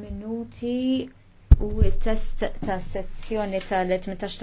minuti u t test ta' sezzjoni tal-18